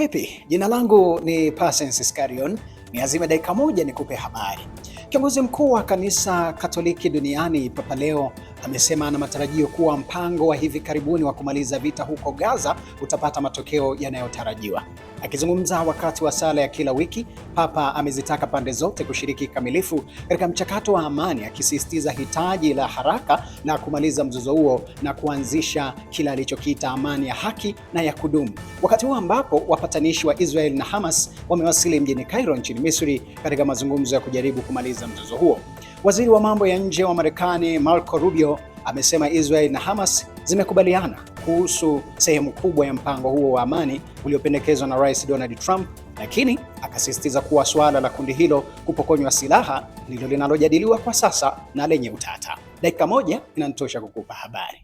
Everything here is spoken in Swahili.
Vipi, jina langu ni Patience Iskarion. Ni azima dakika moja nikupe habari. Kiongozi mkuu wa kanisa Katoliki duniani Papa Leo amesema ana matarajio kuwa mpango wa hivi karibuni wa kumaliza vita huko Gaza utapata matokeo yanayotarajiwa. Akizungumza wakati wa sala ya kila wiki, Papa amezitaka pande zote kushiriki kikamilifu katika mchakato wa amani, akisisitiza hitaji la haraka la kumaliza mzozo huo na kuanzisha kile alichokiita amani ya haki na ya kudumu, wakati huo ambapo wapatanishi wa Israel na Hamas wamewasili mjini Cairo nchini Misri katika mazungumzo ya kujaribu kumaliza mzozo huo. Waziri wa mambo ya nje wa Marekani Marco Rubio amesema Israel na Hamas zimekubaliana kuhusu sehemu kubwa ya mpango huo wa amani uliopendekezwa na Rais Donald Trump, lakini akasisitiza kuwa suala la kundi hilo kupokonywa silaha ndilo linalojadiliwa kwa sasa na lenye utata. Dakika moja inanitosha kukupa habari.